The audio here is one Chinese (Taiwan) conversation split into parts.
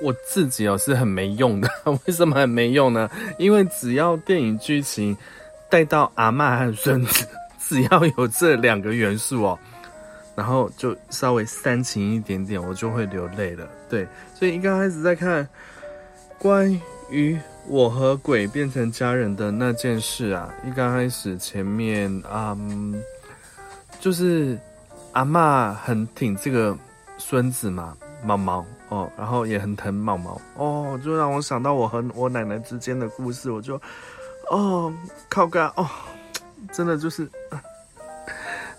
我自己哦是很沒用的，為什麼很沒用呢？因為只要電影劇情帶到阿嬤和孫子，只要有這兩個元素哦，然後就稍微煽情一點點，我就會流淚了。對，所以一剛開始在看關於我和鬼變成家人的那件事啊，一剛開始前面啊嗯，就是阿嬤很挺這個孫子嘛。毛毛哦，然後也很疼毛毛哦，就讓我想到我和我奶奶之間的故事，我就哦靠幹哦，真的就是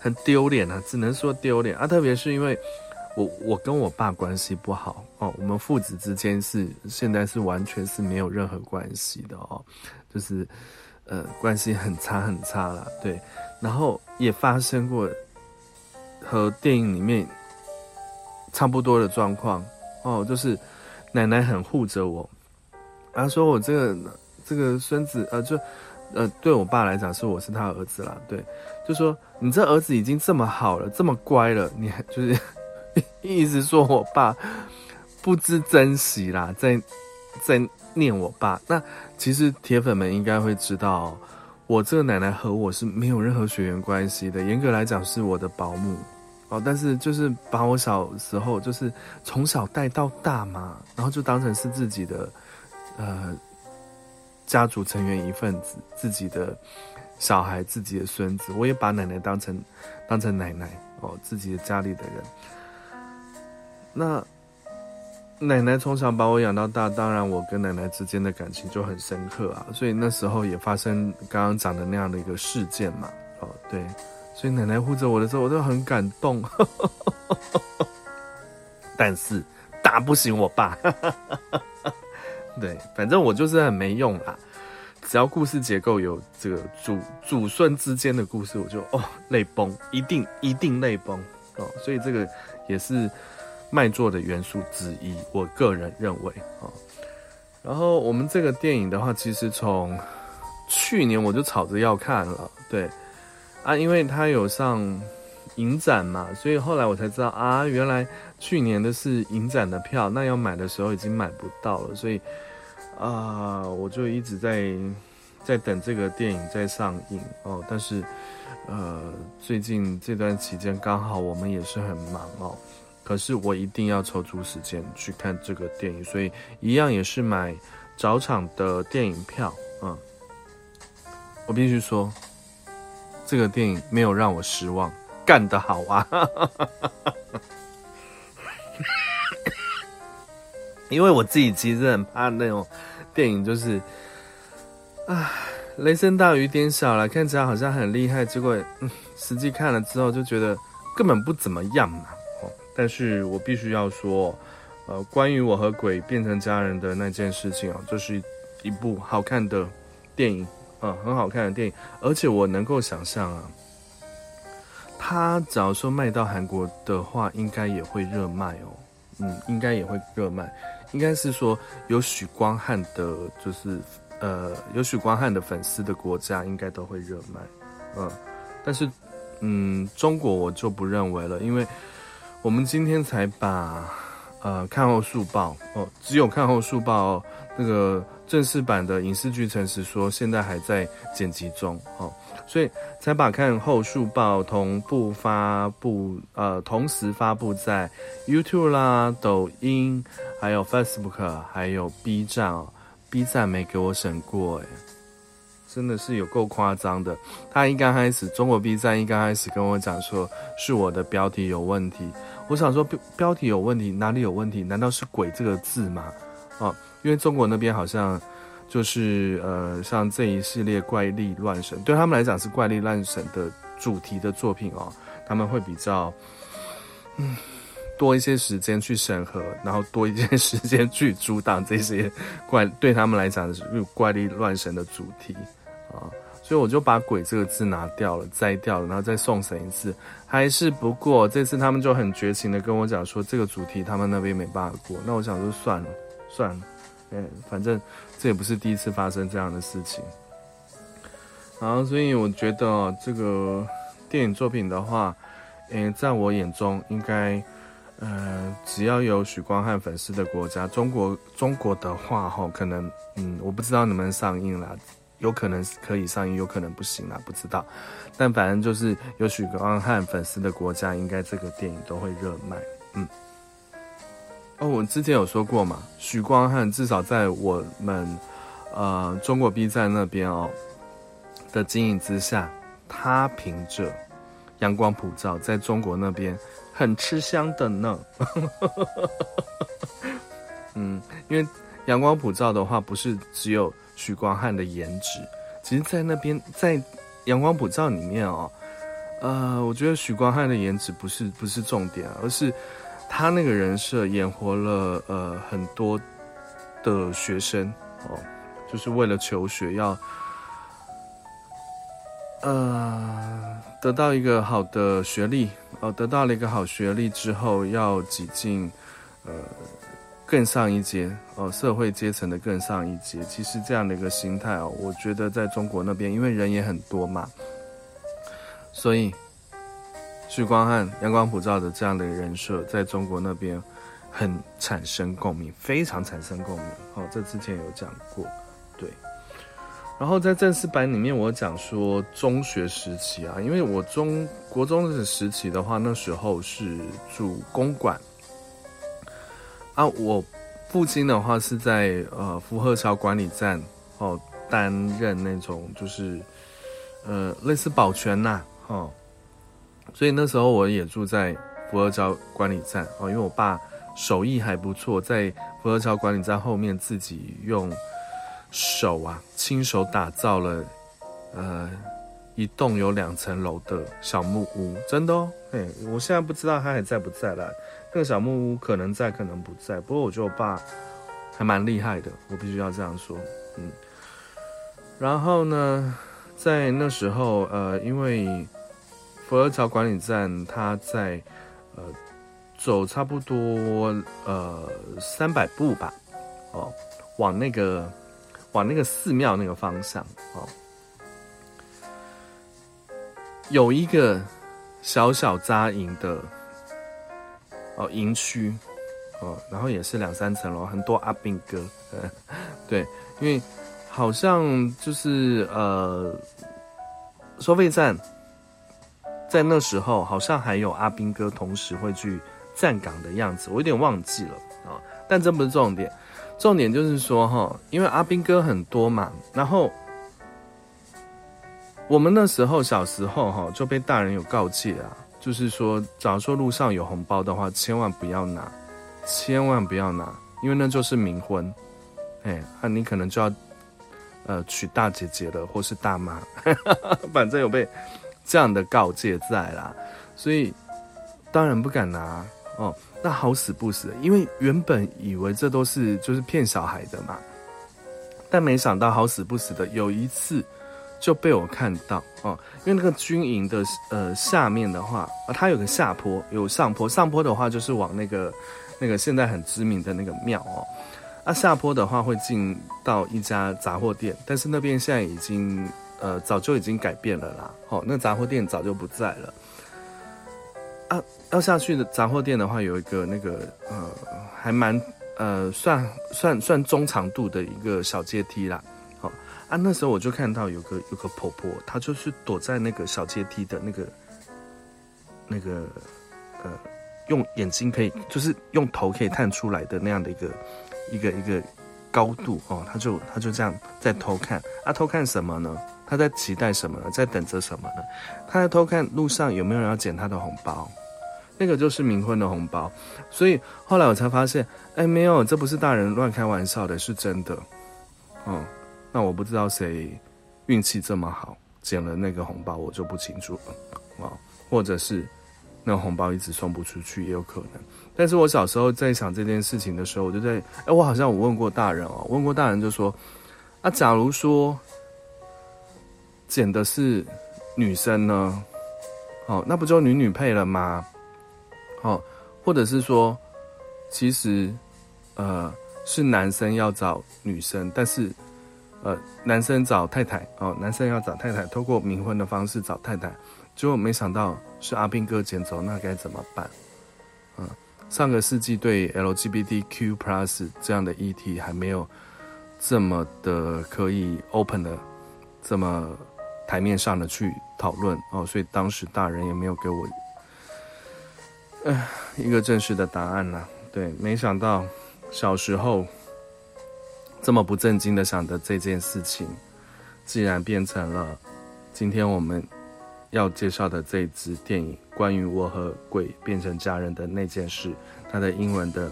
很丟臉啊，只能說丟臉啊，特別是因為我我跟我爸關係不好哦，我們父子之間是現在是完全是沒有任何關係的哦，就是呃關係很差很差了，對，然後也發生過和電影裡面。差不多的狀況，哦，就是奶奶很護着我，他、啊、說我這個這個孫子啊、呃，就呃，對我爸來講，是我是他兒子啦，對，就說你這兒子已經這麼好了，這麼乖了，你還就是 一直說我爸不知珍惜啦，在在念我爸。那其實鐵粉們應該會知道、哦，我這個奶奶和我是沒有任何血緣關係的，嚴格來講是我的保姆。哦，但是就是把我小時候就是從小帶到大嘛，然後就當成是自己的，呃，家族成員一份子，自己的小孩，自己的孫子，我也把奶奶當成當成奶奶哦，自己的家裡的人。那奶奶從小把我養到大，當然我跟奶奶之間的感情就很深刻啊，所以那時候也發生剛剛講的那樣的一個事件嘛，哦，對。所以奶奶護着我的時候，我都很感動。 但是打不醒我爸。 對，反正我就是很沒用啦。只要故事結構有這個祖祖孫之間的故事，我就哦淚崩，一定一定淚崩哦。所以這個也是賣座的元素之一，我個人認為啊、哦。然後我們這個電影的話，其實從去年我就吵着要看了，對。啊，因為他有上影展嘛，所以後來我才知道啊，原來去年的是影展的票，那要買的時候已經買不到了，所以啊，呃，我就一直在在等這個電影在上映哦。但是，呃，最近這段期間剛好我們也是很忙哦，可是我一定要抽出時間去看這個電影，所以一樣也是買早場的電影票。嗯，我必須說。這個電影沒有讓我失望，幹得好啊！ 因為我自己其實很怕那種電影，就是，啊，雷聲大雨點小了，看起來好像很厲害，結果，嗯，實際看了之後就覺得根本不怎麼樣嘛。哦，但是我必須要說，呃，關於我和鬼變成家人的那件事情啊、哦，就是一，一部好看的電影。嗯，很好看的電影，而且我能夠想象啊，它假如說賣到韓國的話，應該也會熱賣哦。嗯，應該也會熱賣，應該是說有許光漢的，就是呃，有許光漢的粉絲的國家，應該都會熱賣。嗯，但是嗯，中國我就不認為了，因為我們今天才把呃看後速報哦，只有看後速報哦。那個正式版的影視劇《誠實說》現在還在剪輯中，哦，所以才把看後速報同步發布，呃，同時發布在 YouTube 啦、抖音、還有 Facebook，還有 B 站哦。B 站沒給我審過，哎，真的是有夠誇張的。他一剛開始，中國 B 站一剛開始跟我講說，是我的標題有問題。我想說標標題有問題哪裡有問題？難道是“鬼”這個字嗎？哦。因為中國那邊好像就是呃，像這一系列怪力亂神，對他們來講是怪力亂神的主題的作品哦，他們會比較嗯多一些時間去審核，然後多一些時間去阻擋這些怪。對他們來講是怪力亂神的主題啊、哦，所以我就把“鬼”這個字拿掉了，摘掉了，然後再送審一次，還是不過。這次他們就很絕情的跟我講說，這個主題他們那邊沒辦法過。那我想說算了，算了。嗯，反正這也不是第一次發生這樣的事情。然後，所以我覺得、哦、這個電影作品的話，嗯，在我眼中應該，嗯、呃，只要有許光漢粉絲的國家，中國，中國的話哈，可能，嗯，我不知道你們上映啦，有可能可以上映，有可能不行啦，不知道。但反正就是有許光漢粉絲的國家，應該這個電影都會熱賣，嗯。哦，我之前有說過嘛，許光漢至少在我們，呃，中國 B 站那邊哦的經營之下，他憑着《陽光普照》在中國那邊很吃香的呢。 嗯，因為《陽光普照》的話，不是只有許光漢的顏值，其實在那邊在《陽光普照》裡面哦，呃，我覺得許光漢的顏值不是不是重點啊，而是。他那個人設演活了，呃，很多的學生哦，就是為了求學要，呃，得到一個好的學歷哦，得到了一個好學歷之後要擠進，呃，更上一階哦，社會階層的更上一階。其實這樣的一個心態哦，我覺得在中國那邊，因為人也很多嘛，所以。許光漢陽光普照的這樣的人設，在中國那邊很產生共鳴，非常產生共鳴。哦，這之前有講過，對。然後在正式版裡面，我講說中學時期啊，因為我中國中的時期的話，那時候是住公館啊，我父親的話是在呃福和橋管理站哦擔任那種就是呃類似保全吶、啊，哈。所以那時候我也住在佛爾橋管理站哦，因為我爸手藝還不錯，在佛爾橋管理站後面自己用手啊親手打造了，呃，一棟有兩層樓的小木屋，真的哦，嘿，我現在不知道他還在不在了，那個小木屋可能在，可能不在，不過我覺得我爸還蠻厲害的，我必須要這樣說，嗯。然後呢，在那時候，呃，因為。佛羅橋管理站，它在，呃，走差不多呃三百步吧，哦，往那個往那個寺廟那個方向哦，有一個小小紮營的哦營區哦，然後也是兩三層樓，很多阿兵哥，呵呵對，因為好像就是呃收費站。在那時候，好像還有阿兵哥同時會去站崗的樣子，我有點忘記了啊。但這不是重點，重點就是說哈，因為阿兵哥很多嘛。然後我們那時候小時候哈就被大人有告誡啊，就是說，假如說路上有紅包的話，千萬不要拿，千萬不要拿，因為那就是冥婚，哎，那你可能就要呃娶大姐姐的或是大媽，呵呵反正有被。這樣的告誡在啦，所以當然不敢拿哦。那好死不死，因為原本以為這都是就是騙小孩的嘛，但沒想到好死不死的，有一次就被我看到哦。因為那個軍營的呃下面的話啊，它有個下坡有上坡，上坡的話就是往那個那個現在很知名的那個廟哦，那啊下坡的話會進到一家雜貨店，但是那邊現在已經。呃，早就已經改變了啦。哦，那雜貨店早就不在了。啊，要下去的雜貨店的話，有一個那個，呃，還蠻呃，算算算中長度的一個小階梯啦。哦，啊，那時候我就看到有個有個婆婆，她就是躲在那個小階梯的那個那個呃，用眼睛可以，就是用頭可以探出來的那樣的一個一個一個高度哦，她就她就這樣在偷看啊，偷看什麼呢？他在期待什麼呢？在等着什麼呢？他在偷看路上有沒有人要撿他的紅包，那個就是冥婚的紅包。所以後來我才發現，哎、欸，沒有，這不是大人亂開玩笑的，是真的。嗯，那我不知道誰運氣這麼好撿了那個紅包，我就不清楚了啊、嗯。或者是那個紅包一直送不出去也有可能。但是我小時候在想這件事情的時候，我就在，哎、欸，我好像我問過大人哦，問過大人就說，啊，假如說。撿的是女生呢，哦，那不就女女配了嗎？哦，或者是說，其實，呃，是男生要找女生，但是，呃，男生找太太，哦，男生要找太太，透過冥婚的方式找太太，結果沒想到是阿兵哥撿走，那該怎麼辦？嗯，上個世紀對 LGBTQ+ 這樣的議題還沒有這麼的可以 open 的這麼。台面上的去討論哦，所以當時大人也沒有給我，唉，一個正式的答案啦。對，沒想到小時候這麼不正經的想的這件事情，竟然變成了今天我們要介紹的這支電影，關於我和鬼變成家人的那件事。它的英文的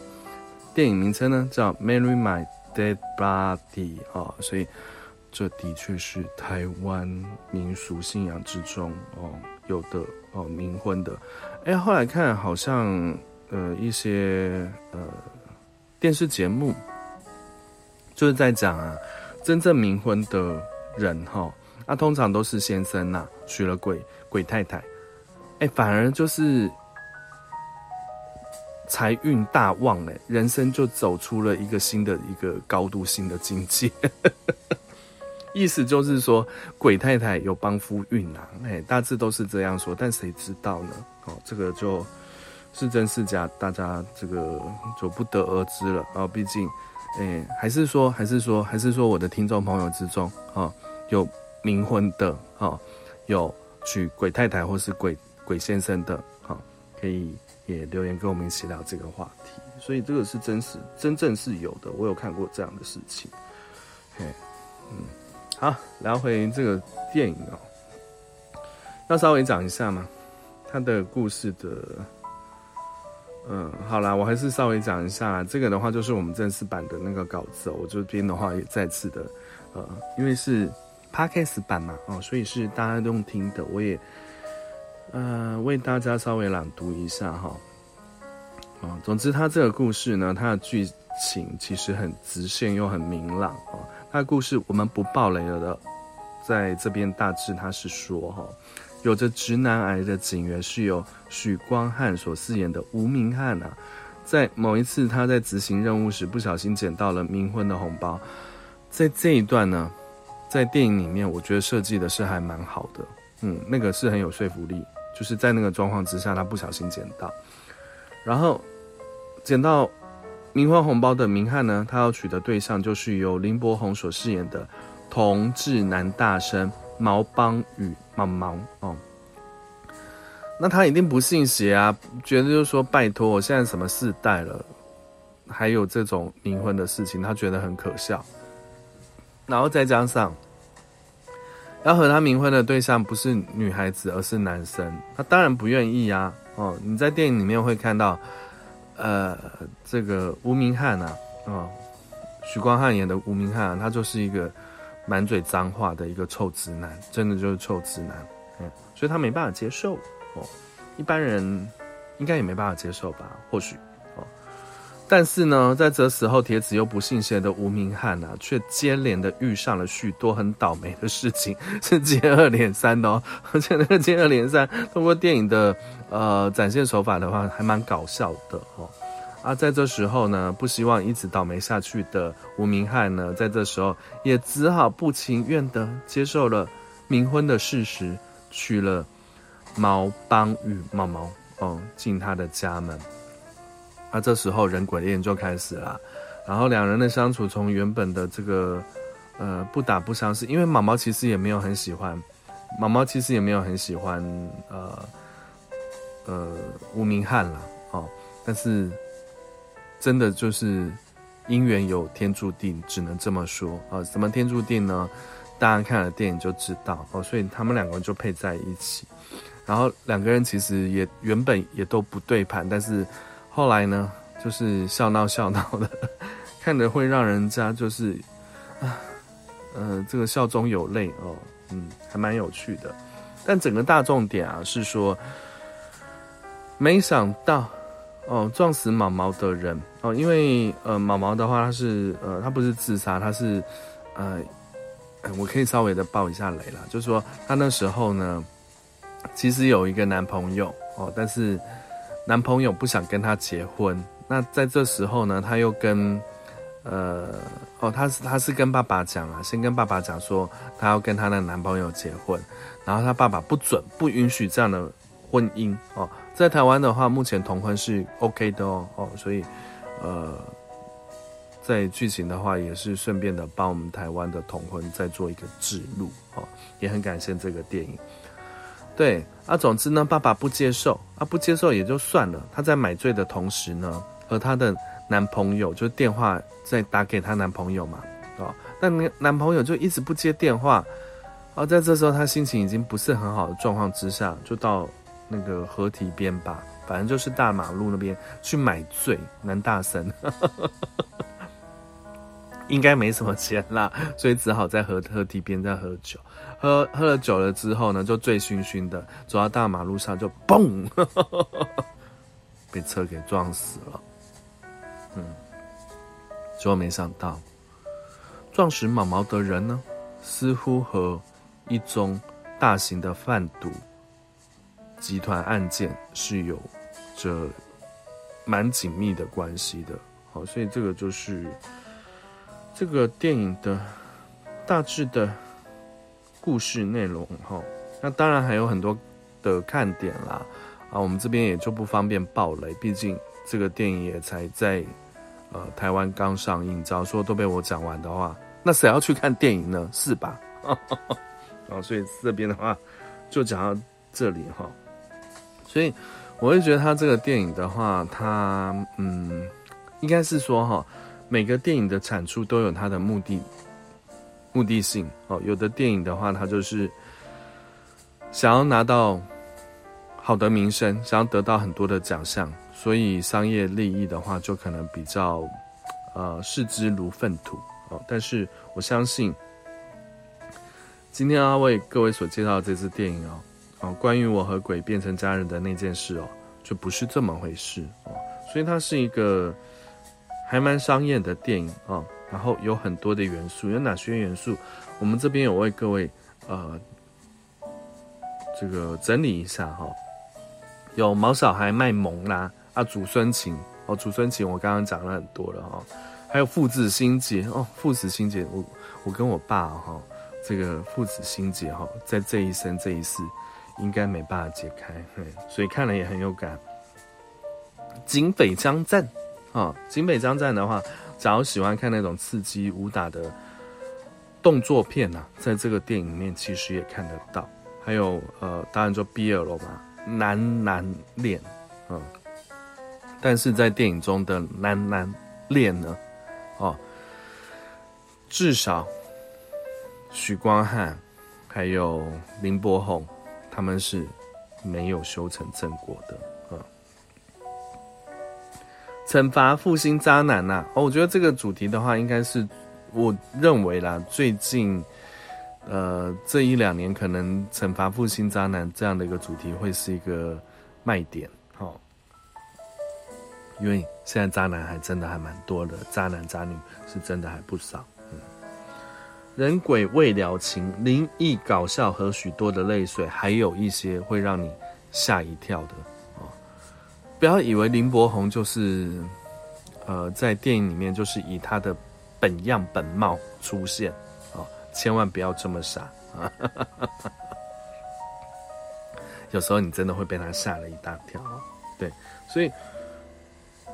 電影名稱呢，叫《Marry My Dead Body》哦，所以。這的確是台灣民俗信仰之中哦，有的哦，冥婚的。哎，後來看好像呃一些呃電視節目，就是在講啊，真正冥婚的人哈，那、哦啊、通常都是先生吶、啊、娶了鬼鬼太太，哎，反而就是財運大旺哎，人生就走出了一個新的一個高度、新的境界。 意思就是說，鬼太太有幫夫運吶、啊，誒，大致都是這樣說，但誰知道呢？哦，這個就是真，是假，大家這個就不得而知了啊。畢竟，誒、欸，還是說，還是說，還是說，我的聽眾朋友之中啊、哦，有冥婚的啊、哦，有娶鬼太太或是鬼鬼先生的啊、哦，可以也留言跟我們一起聊這個話題。所以這個是真實，真正是有的，我有看過這樣的事情。嘿，嗯。好，來回這個電影哦，要稍微講一下嘛，他的故事的，嗯，好啦，我還是稍微講一下這個的話，就是我們正式版的那個稿子哦，我這邊的話也再次的，呃、嗯，因為是 podcast 版嘛，哦，所以是大家都用聽的，我也，呃，為大家稍微朗讀一下哈、哦，嗯、哦，總之它這個故事呢，它的劇情其實很直線又很明朗啊、哦。他的故事我們不爆雷了的，在這邊大致他是說哈，有着直男癌的警員是由許光漢所飾演的吳明翰。啊，在某一次他在執行任務時不小心撿到了冥婚的紅包，在這一段呢，在電影裡面我覺得設計的是還蠻好的，嗯，那個是很有說服力，就是在那個狀況之下他不小心撿到，然後撿到。冥婚紅包的明翰呢，他要娶的對象就是由林柏宏所飾演的同志男大生毛邦羽。毛毛哦。那他一定不信邪啊，覺得就是說拜托、哦，我現在什麼世代了，還有這種冥婚的事情，他覺得很可笑。然後再加上要和他冥婚的對象不是女孩子，而是男生，他當然不願意呀、啊。哦，你在電影裡面會看到。呃，這個吳明翰啊，啊、哦，許光漢演的吳明翰，他就是一個滿嘴髒話的一個臭直男，真的就是臭直男，嗯，所以他沒辦法接受哦，一般人應該也沒辦法接受吧，或許。但是呢，在這時候，鐵齒又不信邪的吳明翰啊，卻接連的遇上了許多很倒霉的事情，是接二連三的哦。而且那個接二連三，通過電影的呃展現手法的話，還蠻搞笑的哦。啊，在這時候呢，不希望一直倒霉下去的吳明翰呢，在這時候也只好不情願的接受了冥婚的事實，娶了毛邦羽毛毛，嗯，進他的家門。那、啊、這時候人鬼戀就開始了，然後兩人的相處從原本的這個，呃，不打不相識，因為毛毛其實也沒有很喜歡，毛毛其實也沒有很喜歡，呃，呃，吳明翰了哦。但是真的就是姻緣有天注定，只能這麼說啊、哦。什麼天注定呢？大家看了電影就知道哦。所以他們兩個人就配在一起，然後兩個人其實也原本也都不對盤，但是。後來呢，就是笑鬧笑鬧的，看着會讓人家就是，呃，這個笑中有淚哦，嗯，還蠻有趣的。但整個大重點啊，是說，沒想到，哦，撞死毛毛的人哦，因為呃，毛毛的話，他是呃，他不是自殺，他是，呃，我可以稍微的爆一下雷啦，就是說，他那時候呢，其實有一個男朋友哦，但是。男朋友不想跟她結婚，那在這時候呢，她又跟，呃，哦，她是她是跟爸爸講啊，先跟爸爸講說她要跟她的男朋友結婚，然後她爸爸不准，不允許這樣的婚姻哦。在台灣的話，目前同婚是 OK 的哦，哦，所以，呃，在劇情的話也是順便的幫我們台灣的同婚再做一個指路哦，也很感謝這個電影，對。啊，總之呢，爸爸不接受，啊，不接受也就算了。她在買醉的同時呢，和她的男朋友就電話再打給她男朋友嘛，哦，但男男朋友就一直不接電話，哦、啊，在這時候她心情已經不是很好的狀況之下，就到那個河堤邊吧，反正就是大馬路那邊去買醉，男大生， 應該沒什麼錢啦，所以只好在河河堤邊再喝酒。喝喝了酒了之後呢，就醉醺醺的走到大馬路上，就嘣，被車給撞死了。嗯，結果沒想到撞死毛毛的人呢，似乎和一宗大型的販毒集團案件是有着蠻緊密的關係的。好，所以這個就是這個電影的大致的。故事內容哈，那當然還有很多的看點啦，啊，我們這邊也就不方便爆雷，畢竟這個電影也才在呃台灣剛上映，照說都被我講完的話，那誰要去看電影呢？是吧？啊， 所以這邊的話就講到這裡哈，所以我會覺得他這個電影的話，他嗯，應該是說哈，每個電影的產出都有它的目的。目的性哦，有的電影的話，它就是想要拿到好的名聲，想要得到很多的獎項，所以商業利益的話，就可能比較呃視之如糞土哦。但是我相信，今天阿、啊、為各位所介紹的這次電影哦，哦，關於我和鬼變成家人的那件事哦，就不是這麼回事，哦，所以它是一個還蠻商業的電影啊。哦然後有很多的元素，有哪些元素？我們這邊有為各位呃，這個整理一下哈、哦。有毛小孩賣萌啦、啊，啊，祖孫情哦，祖孫情我剛剛講了很多了哈、哦。還有父子心結哦，父子心結，我我跟我爸哈、哦，這個父子心結哈、哦，在這一生這一世應該沒辦法解開，嘿所以看了也很有感。警匪槍戰啊，警、哦、匪槍戰的話。假如喜歡看那種刺激武打的動作片啊，在這個電影裡面其實也看得到。還有呃，當然就 BL 了吧，男男戀，嗯。但是在電影中的男男戀呢，哦，至少許光漢還有林柏宏，他們是沒有修成正果的。懲罰負心渣男吶、啊！哦，我覺得這個主題的話，應該是我認為啦，最近，呃，這一兩年可能懲罰負心渣男這樣的一個主題會是一個賣點，好、哦，因為現在渣男還真的還蠻多的，渣男渣女是真的還不少。嗯，人鬼未了情，靈異搞笑和許多的淚水，還有一些會讓你嚇一跳的。不要以為林柏宏就是，呃，在電影裡面就是以他的本樣本貌出現啊、哦！千萬不要這麼傻啊哈哈！有時候你真的會被他嚇了一大跳。對，所以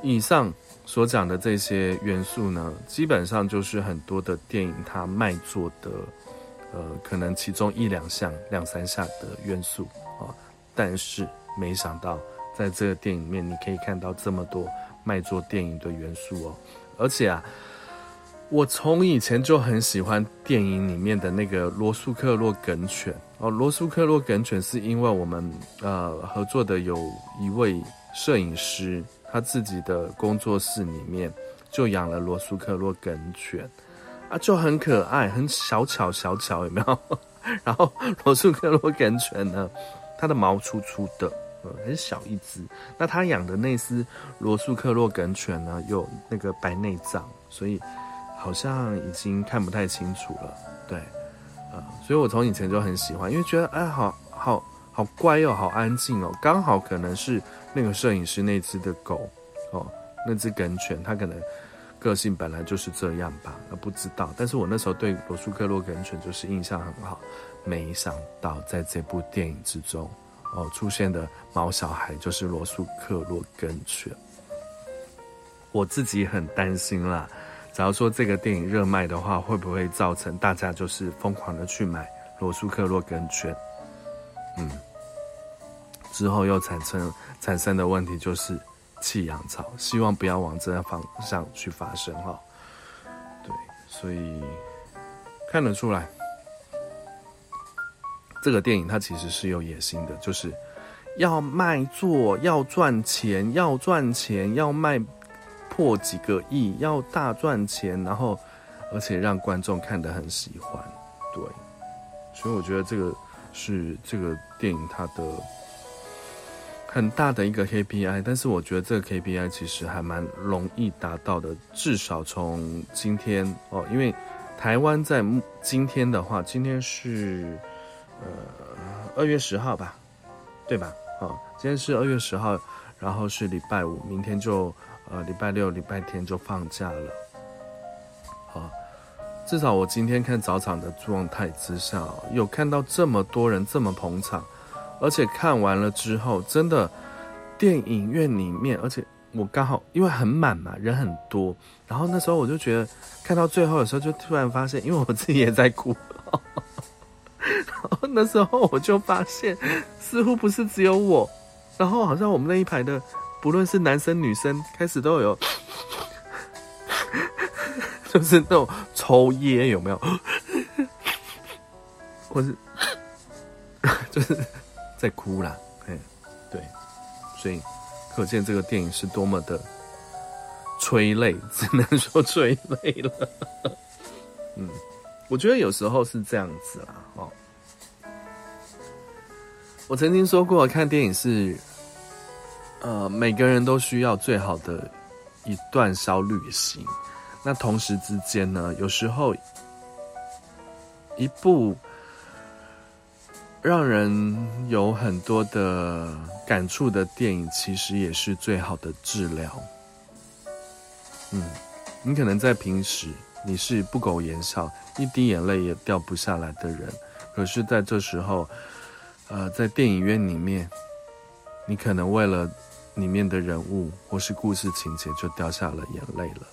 以上所講的這些元素呢，基本上就是很多的電影他賣座的，呃，可能其中一兩項、兩三項的元素啊、哦。但是沒想到。在這個電影裡面，你可以看到這麼多賣座電影的元素哦。而且啊，我從以前就很喜歡電影裡面的那個羅素克洛梗犬哦。羅素克洛梗犬是因為我們呃合作的有一位攝影師，他自己的工作室裡面就養了羅素克洛梗犬啊，就很可愛，很小巧小巧有沒有？ 然後羅素克洛梗犬呢，它的毛粗粗的。呃、嗯，很小一隻。那他養的那隻羅素克洛梗犬呢，有那個白內障，所以好像已經看不太清楚了。對，呃、嗯，所以我從以前就很喜歡，因為覺得哎，好好好乖哦，好安靜哦。剛好可能是那個攝影師那隻的狗哦，那隻梗犬它可能個性本來就是這樣吧，那不知道。但是我那時候對羅素克洛梗犬就是印象很好，沒想到在這部電影之中。哦，出現的毛小孩就是羅素克洛根犬。我自己很擔心啦，假如說這個電影熱賣的話，會不會造成大家就是瘋狂的去買羅素克洛根犬？嗯，之後又產生產生的問題就是棄養潮，希望不要往這個方向去發生哈、哦。對，所以看得出來。這個電影它其實是有野心的，就是要賣座、要賺錢、要賺錢、要賣破幾個億、要大賺錢，然後而且讓觀眾看得很喜歡。對，所以我覺得這個是這個電影它的很大的一個 KPI。但是我覺得這個 KPI 其實還蠻容易達到的，至少從今天哦，因為台灣在今天的話，今天是。呃，二月十號吧，對吧？哦，今天是二月十號，然後是禮拜五，明天就呃禮拜六、禮拜天就放假了。好、哦，至少我今天看早場的狀態之下、哦，有看到這麼多人這麼捧場，而且看完了之後，真的電影院裡面，而且我剛好因為很滿嘛，人很多，然後那時候我就覺得看到最後的時候，就突然發現，因為我自己也在哭。然後那時候我就發現，似乎不是只有我，然後好像我們那一排的，不論是男生女生，開始都有， 就是那種抽煙有沒有，或是，就是在哭啦，誒，對。對，所以可見這個電影是多麼的催淚，只能說催淚了，嗯。我覺得有時候是這樣子啦，哦，我曾經說過，看電影是，呃，每個人都需要最好的一段小旅行。那同時之間呢，有時候一部讓人有很多的感觸的電影，其實也是最好的治療。嗯，你可能在平時。你是不苟言笑、一滴眼淚也掉不下來的人，可是，在這時候，呃，在電影院裡面，你可能為了裡面的人物或是故事情節就掉下了眼淚了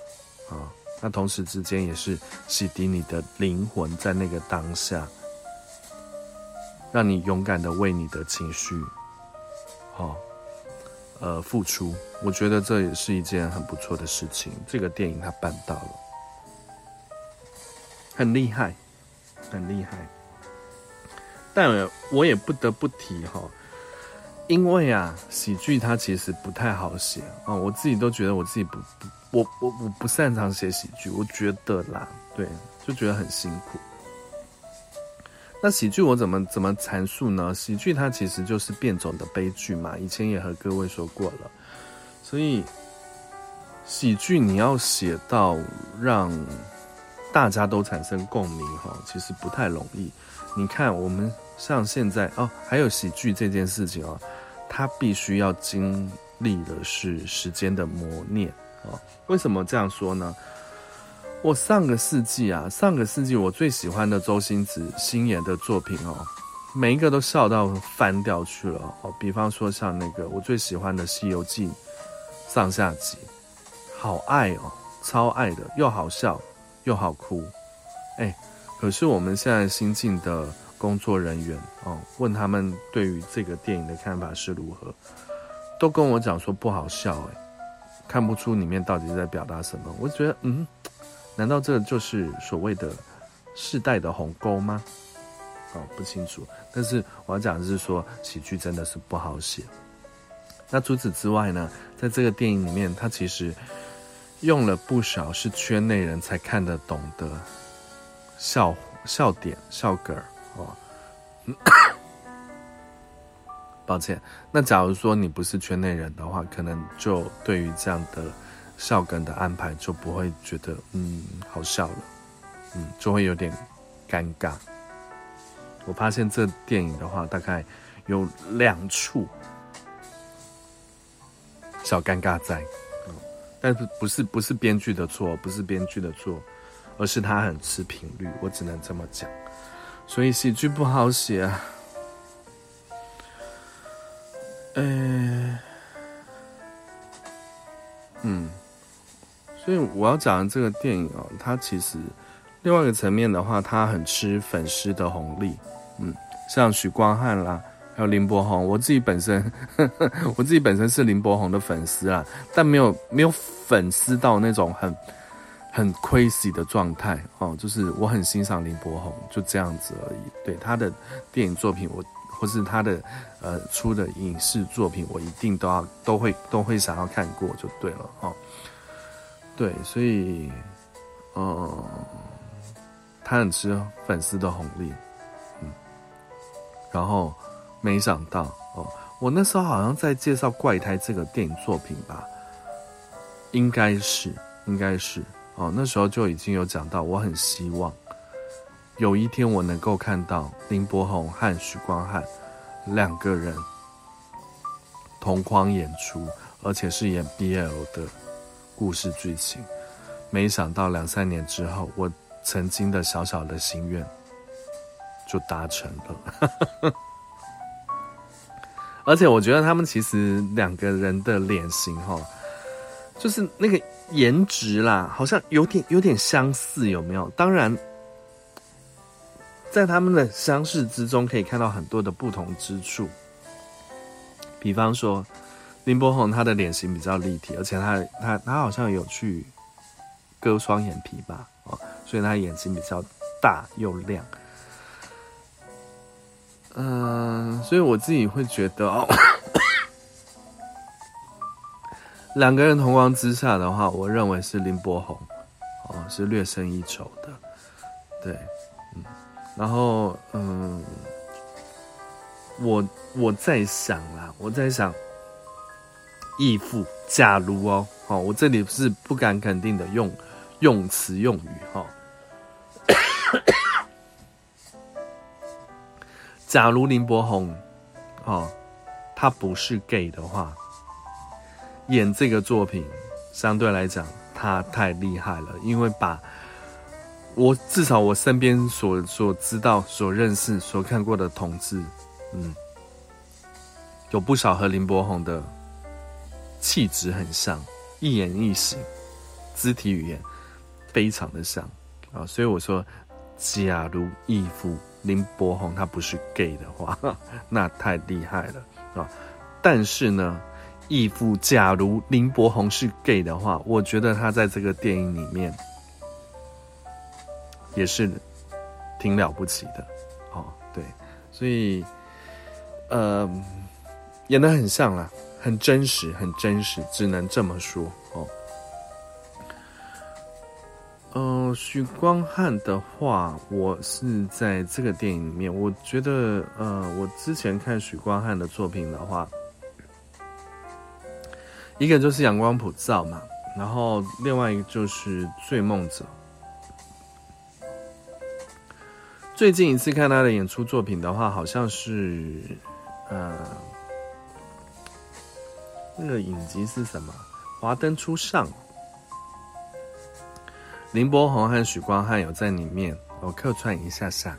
啊。那同時之間也是洗滌你的靈魂，在那個當下，讓你勇敢的為你的情緒，好、啊，呃，付出。我覺得這也是一件很不錯的事情。這個電影它辦到了。很厲害，很厲害，但我也不得不提哈，因為啊，喜劇它其實不太好寫啊，哦，我自己都覺得我自己不不，我我我不擅長寫喜劇，我覺得啦，對，就覺得很辛苦。那喜劇我怎麼怎麼闡述呢？喜劇它其實就是變種的悲劇嘛，以前也和各位說過了，所以喜劇你要寫到讓。大家都產生共鳴，哈，其實不太容易。你看，我們像現在哦，還有喜劇這件事情哦，它必須要經歷的是時間的磨練哦。為什麼這樣說呢？我上個世紀啊，上個世紀我最喜歡的周星馳星爺的作品哦，每一個都笑到翻掉去了哦。比方說像那個我最喜歡的《西遊記》上下集，好愛哦，超愛的，又好笑。又好哭，哎、欸，可是我們現在新進的工作人員哦，問他們對於這個電影的看法是如何，都跟我講說不好笑、欸，哎，看不出裡面到底是在表達什麼。我覺得，嗯，難道這就是所謂的世代的鴻溝嗎？哦，不清楚。但是我要講的是說，喜劇真的是不好寫。那除此之外呢，在這個電影裡面，它其實。用了不少是圈內人才看得懂的笑笑點、笑梗哦。 抱歉，那假如說你不是圈內人的話，可能就對於這樣的笑梗的安排就不會覺得嗯好笑了，嗯就會有點尷尬。我發現這電影的話，大概有兩處小尷尬在。但是不是不是編劇的錯，不是編劇的錯，而是他很吃頻率，我只能這麼講。所以喜劇不好寫，嗯、欸，嗯，所以我要講的這個電影哦，它其實另外一個層面的話，它很吃粉絲的紅利，嗯，像許光漢啦。還有林柏宏，我自己本身， 我自己本身是林柏宏的粉絲啦，但沒有沒有粉絲到那種很很 crazy 的狀態哦，就是我很欣賞林柏宏，就這樣子而已。對，他的電影作品我，我或是他的呃出的影視作品，我一定都要都會都會想要看過就對了哦。對，所以嗯、呃，他很吃粉絲的紅利，嗯，然後。沒想到哦，我那時候好像在介紹《怪胎》這個電影作品吧，應該是，應該是哦，那時候就已經有講到，我很希望有一天我能夠看到林柏宏和許光漢兩個人同框演出，而且是演 BL 的故事劇情。沒想到兩三年之後，我曾經的小小的心願就達成了。 而且我覺得他們其實兩個人的臉型齁，就是那個顏值啦，好像有點有點相似，有沒有？當然，在他們的相似之中，可以看到很多的不同之處。比方說，林柏宏他的臉型比較立體，而且他他他好像有去割雙眼皮吧，哦，所以他眼睛比較大又亮。嗯，所以我自己會覺得哦， 兩個人同框之下的話，我認為是林柏宏，哦，是略勝一籌的，對，嗯，然後嗯，我我在想啦，我在想義父，假如哦，哦，我這裡不是不敢肯定的用用詞用語哈。哦假如林柏宏，哦，他不是 gay 的話，演這個作品，相對來講，他太厲害了，因為把我，我至少我身邊所所知道、所認識、所看過的同志，嗯，有不少和林柏宏的氣質很像，一言一行、肢體語言非常的像啊、哦，所以我說，假如義父林柏宏他不是 gay 的話，那太厲害了啊！但是呢，義父，假如林柏宏是 gay 的話，我覺得他在這個電影裡面也是挺了不起的哦、啊。對，所以，呃，演得很像啦，很真實，很真實，只能這麼說。呃，許光漢的話，我是在這個電影裡面。我覺得，呃，我之前看許光漢的作品的話，一個就是《陽光普照》嘛，然後另外一個就是《罪夢者》。最近一次看他的演出作品的話，好像是，呃，那個影集是什麼？《華燈初上》。林柏宏和許光漢有在裡面，我客串一下下，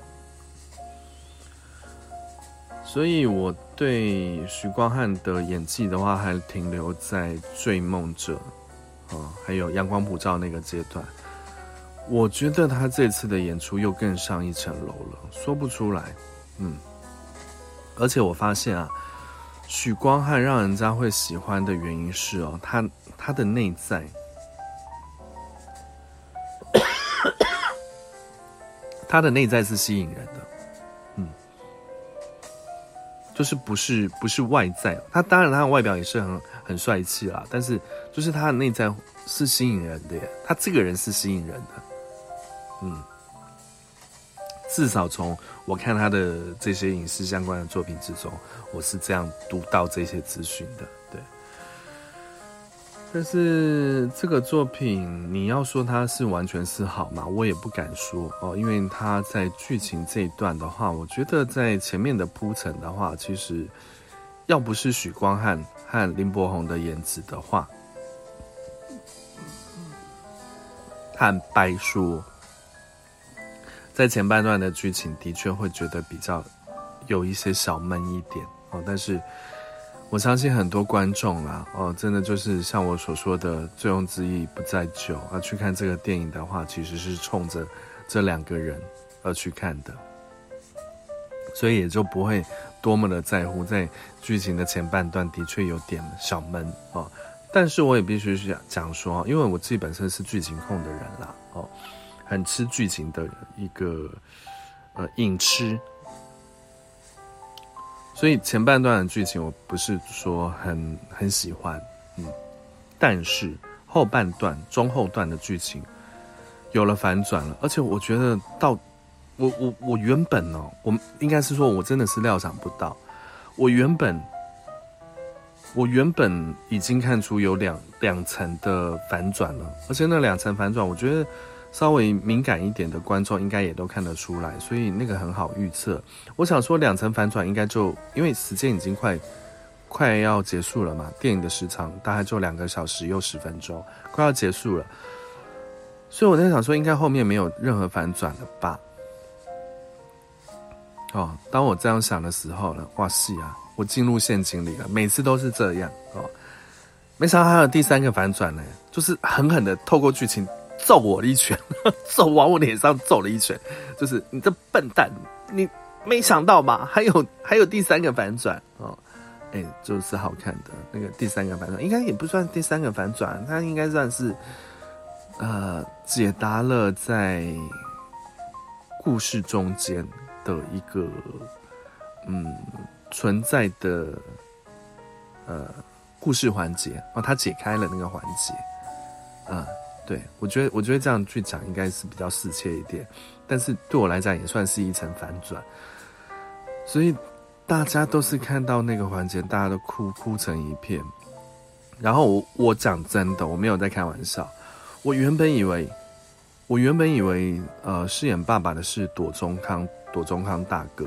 所以我對許光漢的演技的話，還停留在《追夢者》啊、哦，還有《陽光普照》那個階段。我覺得他這次的演出又更上一層樓了，說不出來，嗯。而且我發現啊，許光漢讓人家會喜歡的原因是哦，他他的內在。他的內在是吸引人的，嗯，就是不是不是外在，他當然他的外表也是很很帥氣啦，但是就是他的內在是吸引人的耶，他這個人是吸引人的，嗯，至少從我看他的這些影視相關的作品之中，我是這樣讀到這些資訊的。但是這個作品，你要說它是完全是好嘛，我也不敢說哦。因為它在劇情這一段的話，我覺得在前面的鋪陳的話，其實要不是許光漢和、和林柏宏的顏值的話，坦白說在前半段的劇情的確會覺得比較有一些小悶一點哦。但是。我相信很多觀眾啦，哦，真的就是像我所說的，醉翁之意不在酒，而去看這個電影的話，其實是衝着這兩個人而去看的，所以也就不會多麼的在乎，在劇情的前半段的確有點小悶哦，但是我也必須講講說，因為我自己本身是劇情控的人啦，哦，很吃劇情的一個呃影痴。硬吃所以前半段的劇情我不是說很很喜歡，嗯，但是後半段、中後段的劇情有了反轉了，而且我覺得到我我我原本呢、哦，我應該是說我真的是料想不到，我原本我原本已經看出有兩兩層的反轉了，而且那兩層反轉，我覺得。稍微敏感一點的觀眾應該也都看得出來，所以那個很好預測。我想說兩層反轉應該就因為時間已經快快要結束了嘛，電影的時長大概就兩個小時又十分鐘，快要結束了。所以我在想說應該後面沒有任何反轉了吧？哦，當我這樣想的時候呢，哇塞啊，我進入陷阱裡了，每次都是這樣哦，沒想到還有第三個反轉呢，就是狠狠的透過劇情。揍我了一拳，揍往我臉上揍了一拳，就是你這笨蛋，你沒想到吧？還有還有第三個反轉哦，哎、欸，就是好看的那個第三個反轉，應該也不算第三個反轉，它應該算是呃解答了在故事中間的一個嗯存在的呃故事環節哦，它解開了那個環節，啊、呃。對，我覺得我覺得這樣去講應該是比較適切一點，但是對我來講也算是一層反轉，所以大家都是看到那個環節，大家都哭哭成一片，然後我，我講真的，我沒有在開玩笑，我原本以為，我原本以為呃飾演爸爸的是朵中康，朵中康大哥，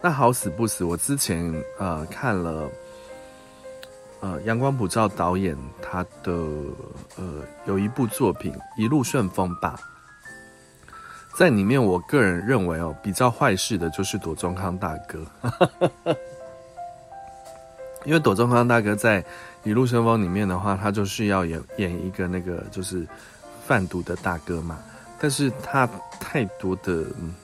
那好死不死，我之前呃看了。呃，陽光普照導演他的呃有一部作品《一路順風》吧，在裡面我個人認為哦比較壞事的就是庹宗康大哥， 因為庹宗康大哥在《一路順風》裡面的話，他就是要演演一個那個就是販毒的大哥嘛，但是他太多的。嗯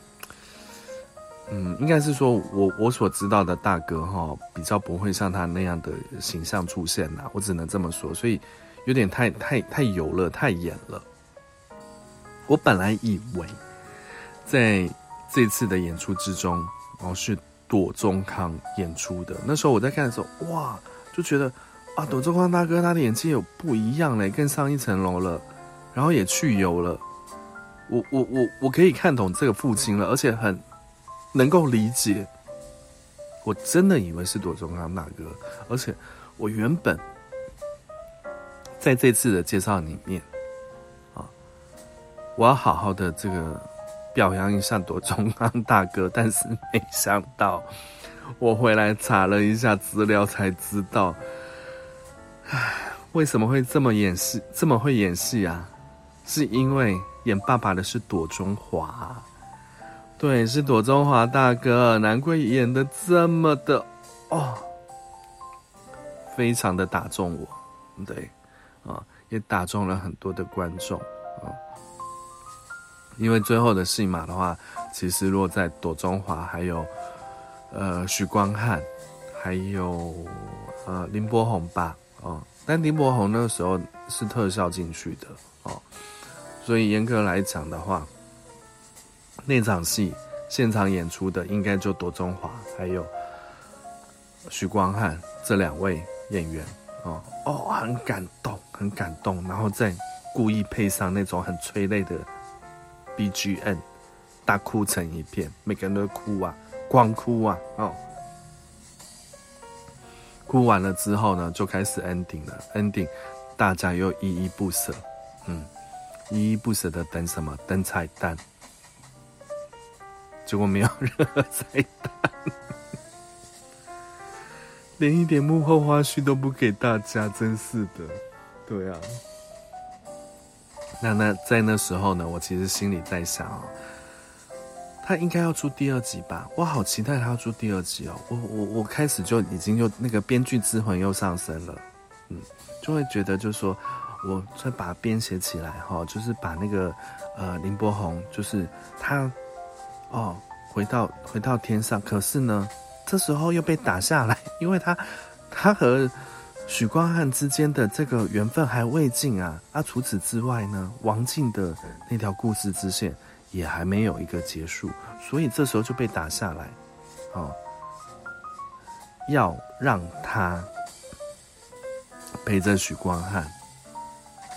嗯，應該是說我我所知道的大哥哈，比較不會像他那樣的形象出現啦、啊，我只能這麼說，所以有點太太太油了，太演了。我本來以為在這次的演出之中，哦、是庹宗康演出的。那時候我在看的時候，哇，就覺得啊，庹宗康大哥他的演技有不一樣嘞，更上一層樓了，然後也去油了。我我我我可以看懂這個父親了，而且很。能夠理解，我真的以為是庹宗康大哥，而且我原本在這次的介紹裡面，啊，我要好好的這個表揚一下庹宗康大哥，但是沒想到我回來查了一下資料才知道，唉，為什麼會這麼演戲這麼會演戲啊？是因為演爸爸的是庹宗華、啊。對，是庹宗華大哥，難怪演得這麼的哦，非常的打中我，對，啊、哦，也打中了很多的觀眾啊、哦。因為最後的戲碼的話，其實落在庹宗華，還有呃許光漢，還有呃林柏宏吧，哦，但林柏宏那個時候是特效進去的哦，所以嚴格來講的話。那場戲現場演出的應該就庹宗華還有許光漢這兩位演員哦哦，很感動，很感動，然後再故意配上那種很催淚的 BGM，大哭成一片，每個人都哭啊，光哭啊，哦，哭完了之後呢，就開始 ending 了，ending，大家又依依不捨，嗯，依依不捨的等什麼？等彩蛋。結果沒有任何彩蛋， 連一點幕後花絮都不給大家，真是的。對啊，那那在那時候呢，我其實心裡在想哦，他應該要出第二集吧？我好期待他要出第二集哦！我我我開始就已經又那個編劇之魂又上升了，嗯，就會覺得就是說，我再把它編寫起來哈、哦，就是把那個呃林柏宏，就是他。哦，回到回到天上，可是呢，這時候又被打下來，因為他他和許光漢之間的這個緣分還未盡啊。啊，除此之外呢，王淨的那條故事支線也還沒有一個結束，所以這時候就被打下來，哦，要讓他陪着許光漢，啊、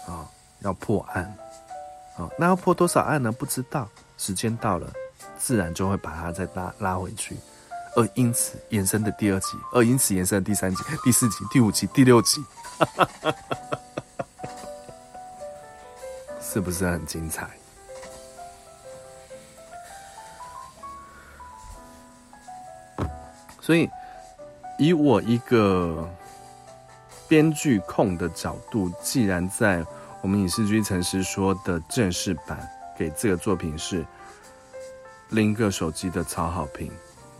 哦，要破案，啊、哦，那要破多少案呢？不知道，時間到了。自然就會把它再拉拉回去，而因此延伸的第二集，而因此延伸的第三集、第四集、第五集、第六集， 是不是很精彩？所以，以我一個編劇控的角度，既然在我們影視劇曾師說的正式版給這個作品是。另一個手機的超好評，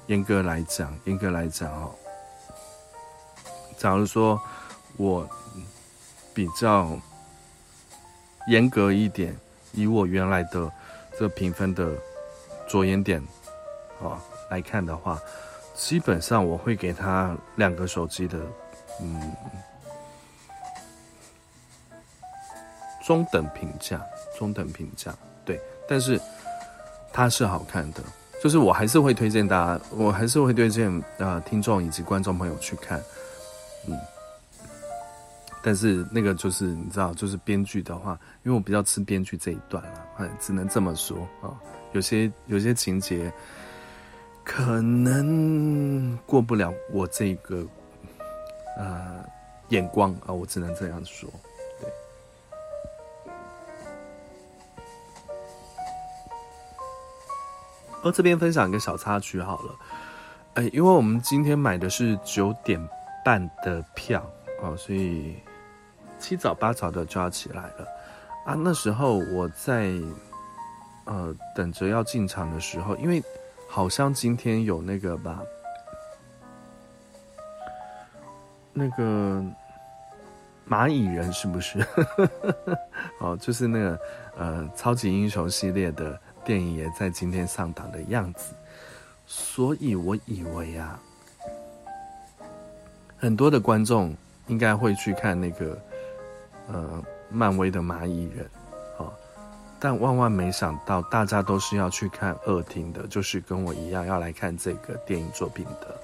嚴格來講，嚴格來講哦，假如說我比較嚴格一點，以我原來的這個評分的着眼點啊、哦、來看的話，基本上我會給他兩個手機的嗯中等評價，中等評價，對，但是。它是好看的，就是我還是會推薦大家，我還是會推薦啊、呃、聽眾以及觀眾朋友去看，嗯，但是那個就是你知道，就是編劇的話，因為我比較吃編劇這一段啦、啊、只能這麼說啊，有些有些情節可能過不了我這個呃眼光啊，我只能這樣說。我、哦、這邊分享一個小插曲好了，哎、欸，因為我們今天買的是九點半的票哦，所以七早八早的就要起來了啊。那時候我在呃等着要進場的時候，因為好像今天有那個吧，那個螞蟻人是不是？ 哦，就是那個呃超級英雄系列的。電影也在今天上檔的樣子，所以我以為啊，很多的觀眾應該會去看那個呃漫威的《螞蟻人》啊，但萬萬沒想到，大家都是要去看二廳的，就是跟我一樣要來看這個電影作品的。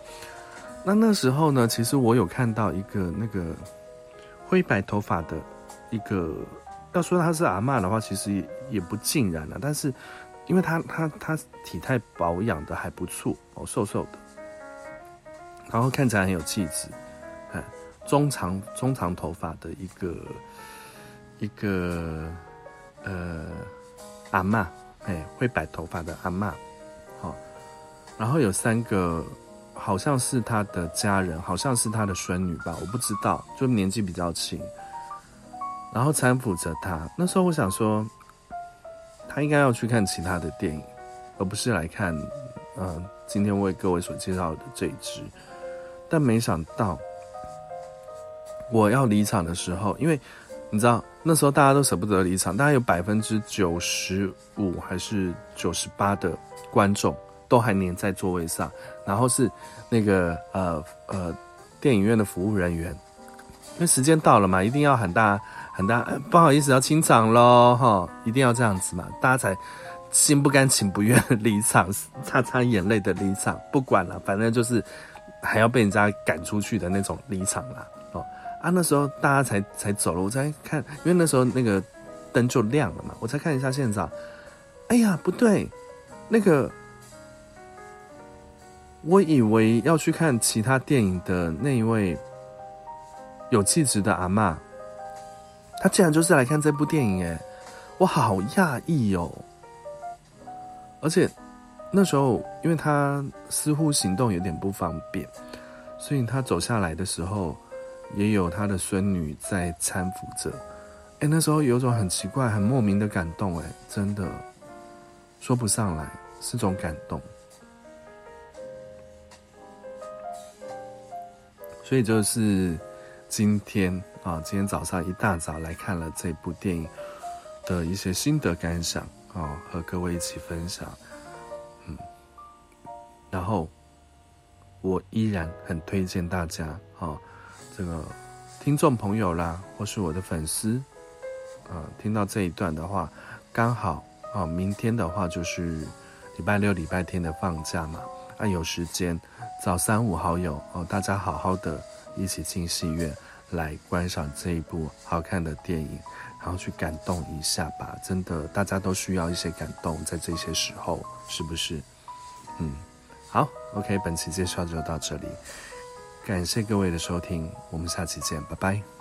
那那時候呢，其實我有看到一個那個灰白頭髮的一個，要說他是阿嬤的話，其實也不盡然了、啊，但是。因為他他他體態保養的還不錯哦，瘦瘦的，然後看起來很有氣質，哎，中長中長頭髮的一個一個呃阿嬤，哎，會擺頭髮的阿嬤。好、哦，然後有三個，好像是他的家人，好像是他的孫女吧，我不知道，就年紀比較輕，然後攙扶着他。那時候我想說。他應該要去看其他的電影，而不是來看，呃，今天為各位所介紹的這一支。但沒想到，我要離場的時候，因為你知道那時候大家都捨不得離場，大概有百分之九十五還是九十八的觀眾都還黏在座位上。然後是那個呃呃，電影院的服務人員，因為時間到了嘛，一定要喊大家。大家、哎，不好意思，要清場咯。哈！一定要這樣子嘛，大家才心不甘情不願離場，擦擦眼淚的離場。不管了，反正就是還要被人家趕出去的那種離場啦。哦啊，那時候大家才才走了。我才看，因為那時候那個燈就亮了嘛，我才看一下現場。哎呀，不對，那個我以為要去看其他電影的那一位有氣質的阿嬤。他竟然就是來看這部電影。欸，哎，我好訝異哦！而且那時候，因為他似乎行動有點不方便，所以他走下來的時候，也有他的孫女在攙扶着。哎、欸，那時候有種很奇怪、很莫名的感動。欸，哎，真的說不上來，是種感動。所以就是今天。啊，今天早上一大早來看了這部電影的一些心得感想啊，和各位一起分享。嗯，然後我依然很推薦大家啊，這個聽眾朋友啦，或是我的粉絲，呃、啊，聽到這一段的話，剛好啊，明天的話就是禮拜六、禮拜天的放假嘛，啊，有時間找三五好友哦、啊，大家好好的一起進戲院。來觀賞這一部好看的電影，然後去感動一下吧。真的，大家都需要一些感動，在這些時候，是不是？嗯，好，OK，本期介紹就到這裡，感謝各位的收聽，我們下期見，拜拜。